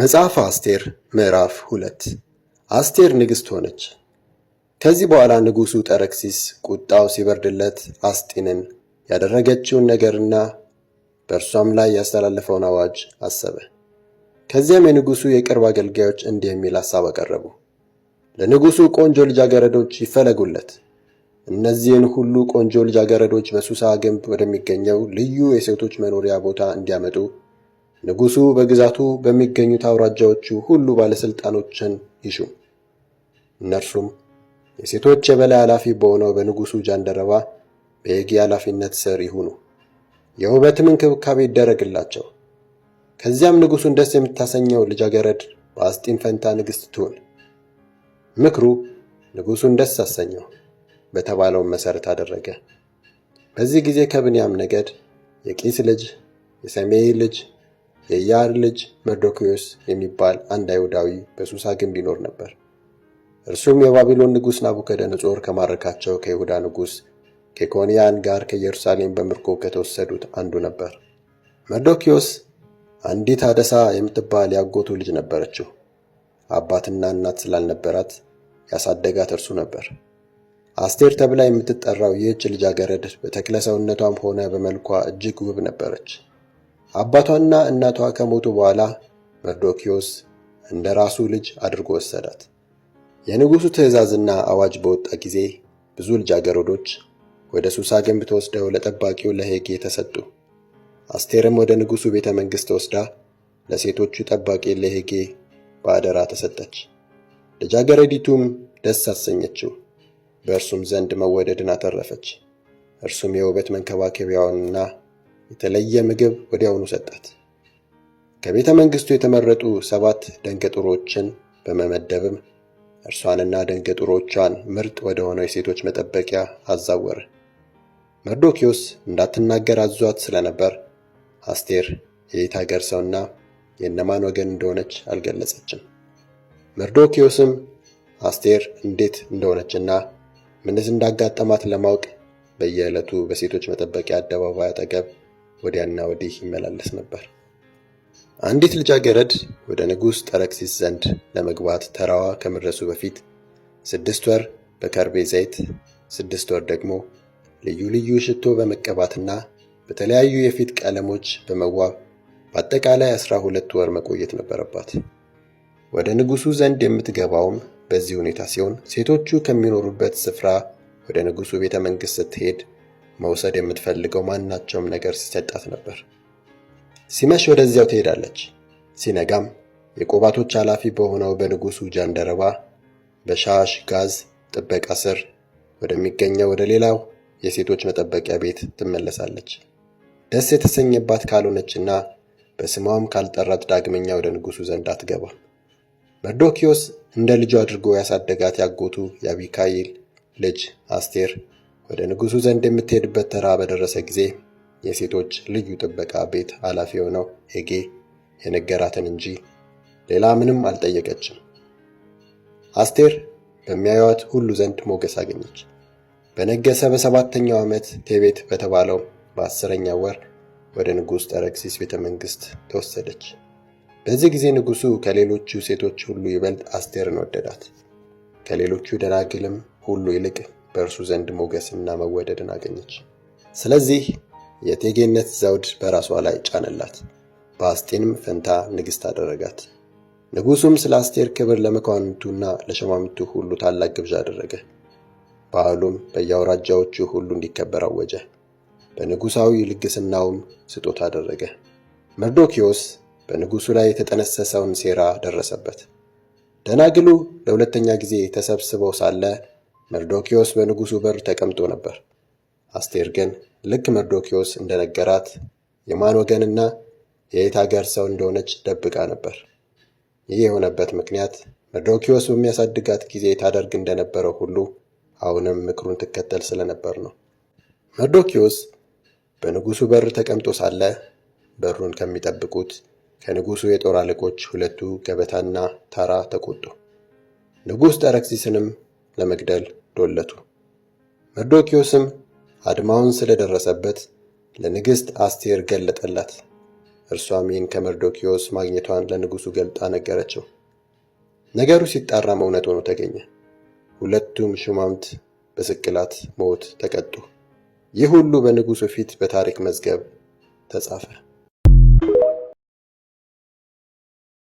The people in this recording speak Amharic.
መጽሐፈ አስቴር ምዕራፍ ሁለት አስቴር ንግሥት ሆነች። ከዚህ በኋላ ንጉሡ ጠረክሲስ ቁጣው ሲበርድለት አስጢንን ያደረገችውን ነገርና በእርሷም ላይ ያስተላለፈውን አዋጅ አሰበ። ከዚያም የንጉሡ የቅርብ አገልጋዮች እንዲህ የሚል ሐሳብ አቀረቡ። ለንጉሡ ቆንጆ ልጃገረዶች ይፈለጉለት። እነዚህን ሁሉ ቆንጆ ልጃገረዶች በሱሳ ግንብ ወደሚገኘው ልዩ የሴቶች መኖሪያ ቦታ እንዲያመጡ ንጉሱ በግዛቱ በሚገኙት አውራጃዎቹ ሁሉ ባለሥልጣኖችን ይሹም። እነርሱም የሴቶች የበላይ ኃላፊ በሆነው በንጉሡ ጃንደረባ በየጊ ኃላፊነት ስር ይሁኑ። የውበትም እንክብካቤ ይደረግላቸው። ከዚያም ንጉሡን ደስ የምታሰኘው ልጃገረድ በአስጢን ፈንታ ንግሥት ትሁን። ምክሩ ንጉሱን ደስ አሰኘው በተባለውን መሠረት አደረገ። በዚህ ጊዜ ከብንያም ነገድ የቂስ ልጅ የሰሜይ ልጅ የያር ልጅ መርዶክዮስ የሚባል አንድ አይሁዳዊ በሱሳ ግንብ ይኖር ነበር። እርሱም የባቢሎን ንጉሥ ናቡከደነጾር ከማረካቸው ከይሁዳ ንጉሥ ኬኮንያን ጋር ከኢየሩሳሌም በምርኮ ከተወሰዱት አንዱ ነበር። መርዶክዮስ አንዲት አደሳ የምትባል ያጎቱ ልጅ ነበረችው። አባትና እናት ስላልነበራት ያሳደጋት እርሱ ነበር። አስቴር ተብላ የምትጠራው ይህች ልጃገረድ በተክለ ሰውነቷም ሆነ በመልኳ እጅግ ውብ ነበረች። አባቷና እናቷ ከሞቱ በኋላ መርዶክዮስ እንደ ራሱ ልጅ አድርጎ ወሰዳት። የንጉሡ ትእዛዝና አዋጅ በወጣ ጊዜ ብዙ ልጃገረዶች ወደ ሱሳ ግንብ ተወስደው ለጠባቂው ለሄጌ ተሰጡ። አስቴርም ወደ ንጉሡ ቤተ መንግሥት ተወስዳ ለሴቶቹ ጠባቂ ለሄጌ በአደራ ተሰጠች። ልጃገረዲቱም ደስ አሰኘችው፣ በእርሱም ዘንድ መወደድን አተረፈች። እርሱም የውበት መንከባከቢያውንና የተለየ ምግብ ወዲያውኑ ሰጣት። ከቤተ መንግስቱ የተመረጡ ሰባት ደንገጥሮችን በመመደብም እርሷንና ደንገጥሮቿን ምርጥ ወደ ሆነው የሴቶች መጠበቂያ አዛወረ። መርዶኪዮስ እንዳትናገር አዟት ስለነበር አስቴር የየት ሀገር ሰውና የእነማን ወገን እንደሆነች አልገለጸችም። መርዶኪዮስም አስቴር እንዴት እንደሆነችና ምንስ እንዳጋጠማት ለማወቅ በየዕለቱ በሴቶች መጠበቂያ አደባባይ አጠገብ ወዲያና ወዲህ ይመላለስ ነበር። አንዲት ልጃገረድ ወደ ንጉሥ ጠረክሲስ ዘንድ ለመግባት ተራዋ ከመድረሱ በፊት ስድስት ወር በከርቤ ዘይት ስድስት ወር ደግሞ ልዩ ልዩ ሽቶ በመቀባትና በተለያዩ የፊት ቀለሞች በመዋብ በአጠቃላይ አስራ ሁለት ወር መቆየት ነበረባት። ወደ ንጉሡ ዘንድ የምትገባውም በዚህ ሁኔታ ሲሆን ሴቶቹ ከሚኖሩበት ስፍራ ወደ ንጉሡ ቤተ መንግሥት ስትሄድ መውሰድ የምትፈልገው ማናቸውም ነገር ሲሰጣት ነበር። ሲመሽ ወደዚያው ትሄዳለች። ሲነጋም የቆባቶች ኃላፊ በሆነው በንጉሡ ጃንደረባ በሻሽ ጋዝ ጥበቃ ስር ወደሚገኘው ወደ ሌላው የሴቶች መጠበቂያ ቤት ትመለሳለች። ደስ የተሰኘባት ካልሆነችና በስሟም ካልጠራት ዳግመኛ ወደ ንጉሡ ዘንድ አትገባም። መርዶኪዮስ እንደ ልጁ አድርጎ ያሳደጋት ያጎቱ የአቢካይል ልጅ አስቴር ወደ ንጉሡ ዘንድ የምትሄድበት ተራ በደረሰ ጊዜ የሴቶች ልዩ ጥበቃ ቤት ኃላፊ የሆነው ሄጌ የነገራትን እንጂ ሌላ ምንም አልጠየቀችም። አስቴር በሚያዩት ሁሉ ዘንድ ሞገስ አገኘች። በነገሰ በሰባተኛው ዓመት ቴቤት በተባለው በአስረኛው ወር ወደ ንጉሥ ጠረክሲስ ቤተ መንግሥት ተወሰደች። በዚህ ጊዜ ንጉሡ ከሌሎቹ ሴቶች ሁሉ ይበልጥ አስቴርን ወደዳት። ከሌሎቹ ደናግልም ሁሉ ይልቅ በእርሱ ዘንድ ሞገስና መወደድን አገኘች። ስለዚህ የቴጌነት ዘውድ በራሷ ላይ ጫነላት፣ በአስቴንም ፈንታ ንግሥት አደረጋት። ንጉሡም ስለ አስቴር ክብር ለመኳንንቱና ለሸማምቱ ሁሉ ታላቅ ግብዣ አደረገ። በዓሉም በየአውራጃዎቹ ሁሉ እንዲከበር አወጀ። በንጉሣዊ ልግስናውም ስጦታ አደረገ። መርዶኪዎስ በንጉሡ ላይ የተጠነሰሰውን ሴራ ደረሰበት። ደናግሉ ለሁለተኛ ጊዜ ተሰብስበው ሳለ መርዶኪዎስ በንጉሱ በር ተቀምጦ ነበር። አስቴር ግን ልክ መርዶኪዎስ እንደነገራት የማን ወገንና የየት አገር ሰው እንደሆነች ደብቃ ነበር። ይህ የሆነበት ምክንያት መርዶኪዎስ በሚያሳድጋት ጊዜ ታደርግ እንደነበረው ሁሉ አሁንም ምክሩን ትከተል ስለነበር ነው። መርዶኪዎስ በንጉሱ በር ተቀምጦ ሳለ በሩን ከሚጠብቁት ከንጉሱ የጦር አለቆች ሁለቱ ገበታና ታራ ተቆጡ። ንጉሥ ጠረክሲስንም ለመግደል ዶለቱ። መርዶኪዮስም አድማውን ስለደረሰበት ለንግሥት አስቴር ገለጠላት። እርሷም ይህን ከመርዶኪዮስ ማግኘቷን ለንጉሡ ገልጣ ነገረችው። ነገሩ ሲጣራም እውነት ሆኖ ተገኘ። ሁለቱም ሹማምት በስቅላት ሞት ተቀጡ። ይህ ሁሉ በንጉሡ ፊት በታሪክ መዝገብ ተጻፈ።